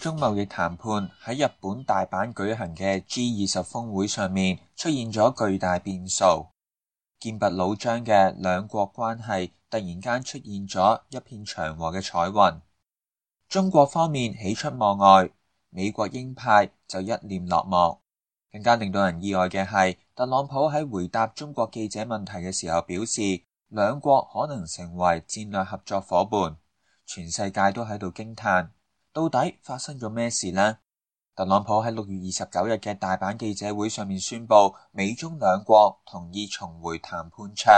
中貿易談判喺日本大阪舉行嘅 G 二十峰會上面出現咗巨大變數，劍拔弩張嘅兩國關係突然間出現咗一片祥和嘅彩雲。中國方面喜出望外，美國鷹派就一臉落寞。更加令到人意外嘅係，特朗普喺回答中國記者問題嘅時候表示，兩國可能成為戰略合作夥伴，全世界都喺度驚嘆。到底發生咗咩事呢？特朗普喺六月二十九日嘅大阪記者會上面宣佈，美中兩國同意重回談判桌，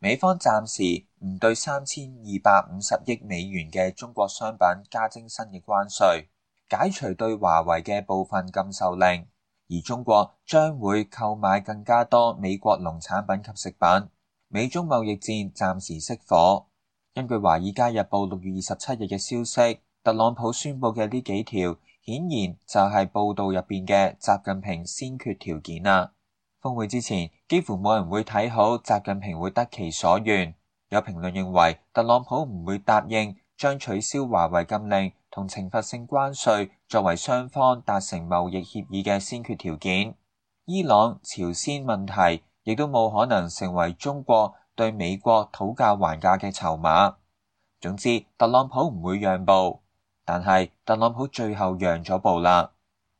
美方暫時唔對三千二百五十億美元嘅中國商品加徵新嘅關稅，解除對華為嘅部分禁售令，而中國將會購買更加多美國農產品及食品，美中貿易戰暫時熄火。根據華爾街日報六月二十七日嘅消息。特朗普宣布嘅呢幾條，顯然就係報道入邊嘅習近平先決條件啦。峰會之前，幾乎冇人會睇好習近平會得其所願。有評論認為，特朗普唔會答應將取消華為禁令同懲罰性關稅作為雙方達成貿易協議嘅先決條件。伊朗、朝鮮問題亦都冇可能成為中國對美國討價還價嘅籌碼。總之，特朗普唔會讓步。但係，特朗普最後讓咗步啦。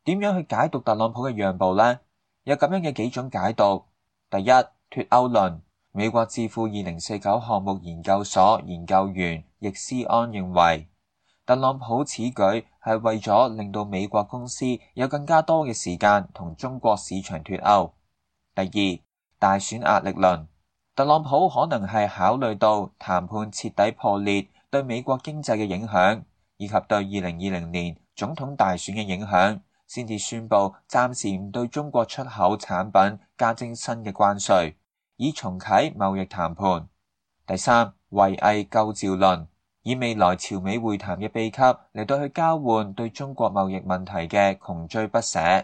點樣去解讀特朗普嘅讓步呢？有咁樣嘅幾種解讀：第一，脫鈎論。美國智庫二零四九項目研究所研究員易思安認為，特朗普此舉係為咗令到美國公司有更加多嘅時間同中國市場脫鈎。第二，大選壓力論。特朗普可能係考慮到談判徹底破裂對美國經濟嘅影響。以及對二零二零年總統大選嘅影響，先至宣布暫時唔對中國出口產品加徵新嘅關稅，以重啟貿易談判。第三，圍魏救趙論，以未來朝美會談嘅秘笈嚟到去交換對中國貿易問題嘅窮追不捨。圍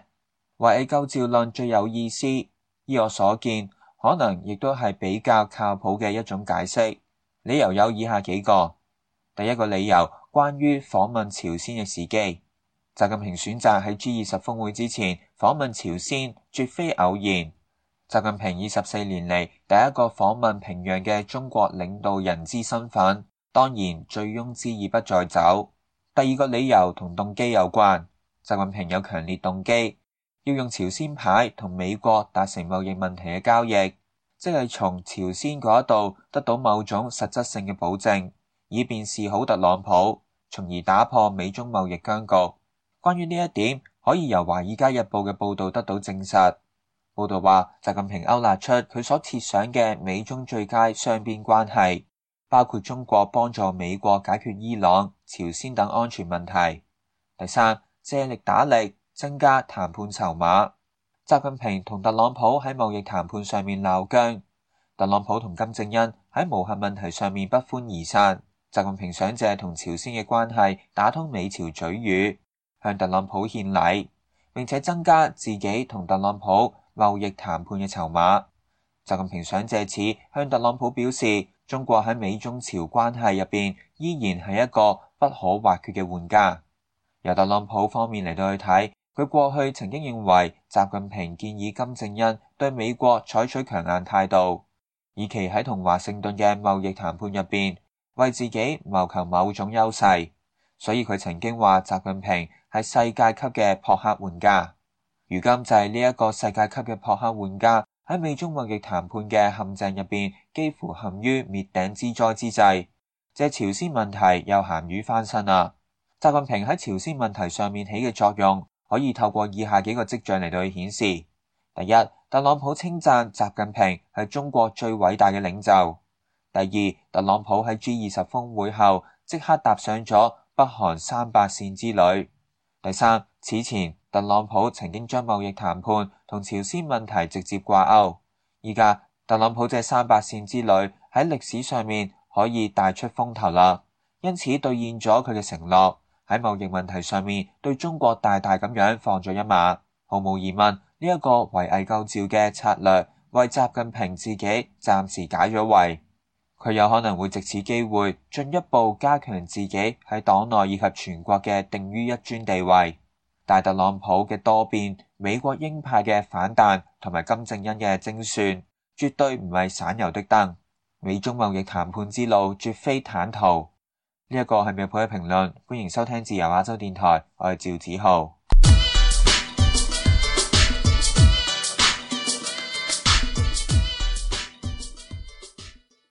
魏救趙論最有意思，依我所見，可能亦都係比較靠譜嘅一種解釋。理由有以下幾個：第一個理由。關於訪問朝鮮嘅時機，習近平選擇喺 G 二十峰會之前訪問朝鮮，絕非偶然。習近平以二十四年嚟第一個訪問平壤嘅中國領導人之身份，當然醉翁之意不在酒。第二個理由同動機有關，習近平有強烈動機要用朝鮮牌同美國達成貿易問題嘅交易，即係從朝鮮嗰度得到某種實質性嘅保證。以便示好特朗普，從而打破美中貿易僵局。關於呢一點，可以由《華爾街日報》嘅報道得到證實。報道話，習近平勾勒出佢所設想嘅美中最佳雙邊關係，包括中國幫助美國解決伊朗、朝鮮等安全問題。第三，借力打力，增加談判籌碼。習近平同特朗普喺貿易談判上面鬧僵，特朗普同金正恩喺無核問題上面不歡而散。習近平想借同朝鮮嘅關係打通美朝嘴語，向特朗普獻禮，並且增加自己同特朗普貿易談判嘅籌碼。習近平想借此向特朗普表示，中國喺美中朝關係入邊依然係一個不可或缺嘅玩家。由特朗普方面嚟到去睇，佢過去曾經認為習近平建議金正恩對美國採取強硬態度，以期喺同華盛頓嘅貿易談判入邊。為自己謀求某種優勢，所以佢曾經話習近平係世界級嘅撲克玩家。如今就係呢一個世界級嘅撲克玩家喺美中貿易談判嘅陷阱入邊，幾乎陷於滅頂之災之際，借朝鮮問題又咸魚翻身啊。習近平喺朝鮮問題上面起嘅作用，可以透過以下幾個跡象嚟到顯示：第一，特朗普稱讚習近平係中國最偉大嘅領袖。第二，特朗普喺 G 二十峰會後即刻踏上咗北韓三八線之旅。第三，此前特朗普曾經將貿易談判同朝鮮問題直接掛鈎。而家特朗普這三八線之旅喺歷史上面可以大出風頭啦，因此兌現咗佢嘅承諾喺貿易問題上面對中國大大咁樣放咗一馬。毫無疑問，呢、這、一個圍魏救趙嘅策略為習近平自己暫時解咗圍。佢有可能會借此機會，進一步加強自己喺黨內以及全國嘅定於一尊地位。大特朗普嘅多變、美國鷹派嘅反彈同埋金正恩嘅精算，絕對唔係省油的燈。美中貿易談判之路絕非坦途。呢、這、一個係未普嘅評論，歡迎收聽自由亞洲電台，我係趙子豪。